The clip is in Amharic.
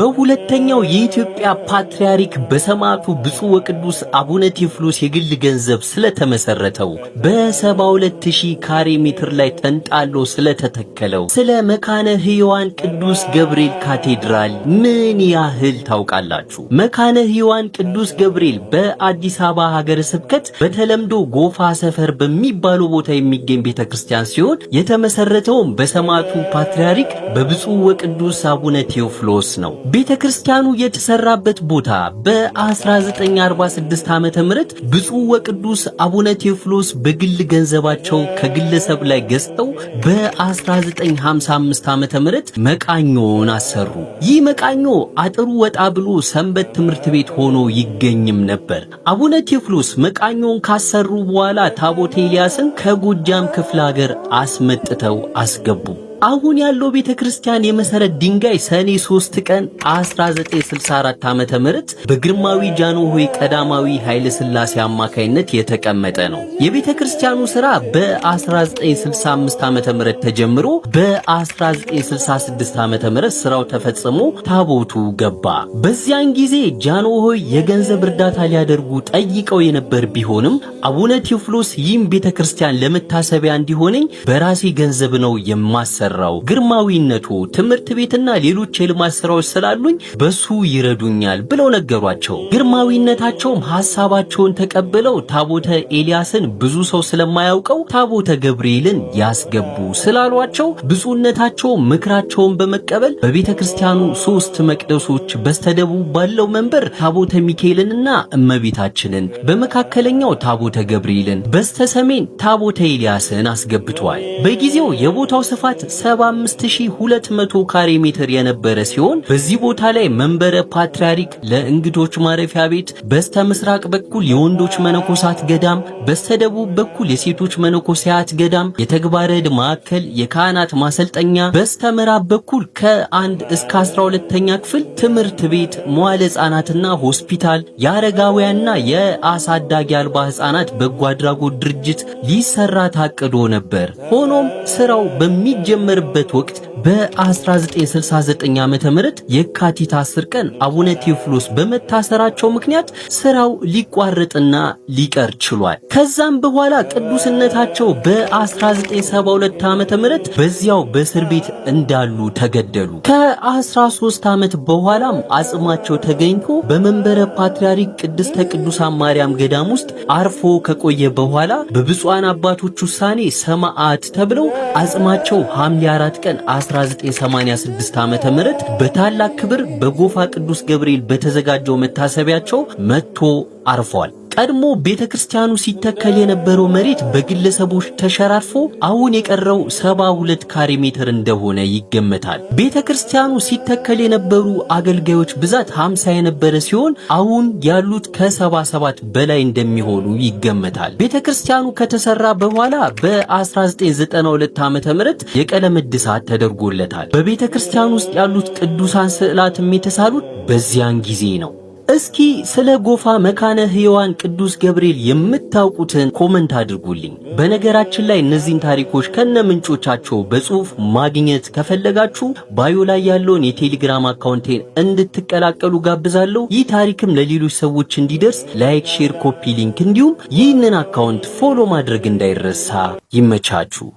በሁለተኛው የኢትዮጵያ ፓትርያርክ በሰማዕቱ ብፁዕ ወቅዱስ አቡነ ቴዎፍሎስ የግል ገንዘብ ስለተመሰረተው በ72000 ካሬ ሜትር ላይ ተንጣሎ ስለተተከለው ስለ መካነ ሕያዋን ቅዱስ ገብርኤል ካቴድራል ምን ያህል ታውቃላችሁ? መካነ ሕያዋን ቅዱስ ገብርኤል በአዲስ አበባ ሀገረ ስብከት በተለምዶ ጎፋ ሰፈር በሚባለው ቦታ የሚገኝ ቤተክርስቲያን ሲሆን የተመሰረተውም በሰማዕቱ ፓትርያርክ በብፁዕ ወቅዱስ አቡነ ቴዎፍሎስ ነው። ቤተ ክርስቲያኑ የተሰራበት ቦታ በ1946 ዓመተ ምህረት ብፁዕ ወቅዱስ አቡነ ቴዎፍሎስ በግል ገንዘባቸው ከግለሰብ ላይ ገዝተው በ1955 ዓመተ ምህረት መቃኞን አሰሩ። ይህ መቃኞ አጥሩ ወጣ ብሎ ሰንበት ትምህርት ቤት ሆኖ ይገኝም ነበር። አቡነ ቴዎፍሎስ መቃኞን ካሰሩ በኋላ ታቦቴ ኤልያስን ከጎጃም ክፍለ ሀገር አስመጥተው አስገቡ። አሁን ያለው ቤተ ክርስቲያን የመሰረት ድንጋይ ሰኔ 3 ቀን 1964 ዓመተ ምህረት በግርማዊ ጃንሆይ ቀዳማዊ ኃይለ ሥላሴ አማካይነት የተቀመጠ ነው። የቤተ ክርስቲያኑ ሥራ በ1965 ዓመተ ምህረት ተጀምሮ በ1966 ዓመተ ምህረት ስራው ተፈጽሞ ታቦቱ ገባ። በዚያን ጊዜ ጃንሆይ የገንዘብ እርዳታ ሊያደርጉ ጠይቀው የነበር ቢሆንም አቡነ ቴዎፍሎስ ይህም ቤተ ክርስቲያን ለመታሰቢያ እንዲሆነኝ በራሴ ገንዘብ ነው የማሰ እየሰራው ግርማዊነቱ ትምህርት ቤትና ሌሎች የልማት ስራዎች ስላሉኝ በሱ ይረዱኛል ብለው ነገሯቸው። ግርማዊነታቸውም ሐሳባቸውን ተቀብለው ታቦተ ኤልያስን ብዙ ሰው ስለማያውቀው ታቦተ ገብርኤልን ያስገቡ ስላሏቸው ብፁዕነታቸው ምክራቸውን በመቀበል በቤተ ክርስቲያኑ ሶስት መቅደሶች በስተደቡብ ባለው መንበር ታቦተ ሚካኤልንና እመቤታችንን፣ በመካከለኛው ታቦተ ገብርኤልን፣ በስተሰሜን ታቦተ ኤልያስን አስገብቷል። በጊዜው የቦታው ስፋት 75200 ካሬ ሜትር የነበረ ሲሆን በዚህ ቦታ ላይ መንበረ ፓትርያርክ ለእንግዶች ማረፊያ ቤት፣ በስተ ምስራቅ በኩል የወንዶች መነኮሳት ገዳም፣ በስተደቡብ በኩል የሴቶች መነኮሳያት ገዳም፣ የተግባረ ዕድ ማዕከል፣ የካህናት ማሰልጠኛ፣ በስተ ምዕራብ በኩል ከአንድ እስከ 12ኛ ክፍል ትምህርት ቤት፣ መዋለ ህጻናትና ሆስፒታል፣ የአረጋውያንና የአሳዳጊ አልባ ህጻናት በጎ አድራጎት ድርጅት ሊሰራ ታቅዶ ነበር። ሆኖም ስራው በሚጀምር በሚጀምርበት ወቅት በ1969 ዓ.ም የካቲት 10 ቀን አቡነ ቴዎፍሎስ በመታሰራቸው ምክንያት ስራው ሊቋረጥና ሊቀር ችሏል። ከዛም በኋላ ቅዱስነታቸው በ1972 ዓ.ም በዚያው በእስር ቤት እንዳሉ ተገደሉ። ከ13 ዓመት በኋላም አጽማቸው ተገኝቶ በመንበረ ፓትርያርክ ቅድስተ ቅዱሳን ማርያም ገዳም ውስጥ አርፎ ከቆየ በኋላ በብፁዓን አባቶች ውሳኔ ሰማዕት ተብለው አጽማቸው ሐምሌ ሐምሌ 4 ቀን 1986 ዓመተ ምህረት በታላቅ ክብር በጎፋ ቅዱስ ገብርኤል በተዘጋጀው መታሰቢያቸው መጥቶ አርፏል። ቀድሞ ቤተ ክርስቲያኑ ሲተከል የነበረው መሬት በግለሰቦች ተሸራርፎ አሁን የቀረው 72 ካሬ ሜትር እንደሆነ ይገመታል። ቤተ ክርስቲያኑ ሲተከል የነበሩ አገልጋዮች ብዛት 50 የነበረ ሲሆን አሁን ያሉት ከ77 በላይ እንደሚሆኑ ይገመታል። ቤተ ክርስቲያኑ ከተሰራ በኋላ በ1992 ዓ.ም ምህረት የቀለም እድሳት ተደርጎለታል። በቤተ ክርስቲያኑ ውስጥ ያሉት ቅዱሳን ስዕላትም የተሳሉት በዚያን ጊዜ ነው። እስኪ ስለ ጎፋ መካነ ሕያዋን ቅዱስ ገብርኤል የምታውቁትን ኮመንት አድርጉልኝ። በነገራችን ላይ እነዚህን ታሪኮች ከነ ምንጮቻቸው በጽሁፍ ማግኘት ከፈለጋችሁ ባዮ ላይ ያለውን የቴሌግራም አካውንቴን እንድትቀላቀሉ ጋብዛለሁ። ይህ ታሪክም ለሌሎች ሰዎች እንዲደርስ ላይክ፣ ሼር፣ ኮፒ ሊንክ እንዲሁም ይህንን አካውንት ፎሎ ማድረግ እንዳይረሳ። ይመቻችሁ።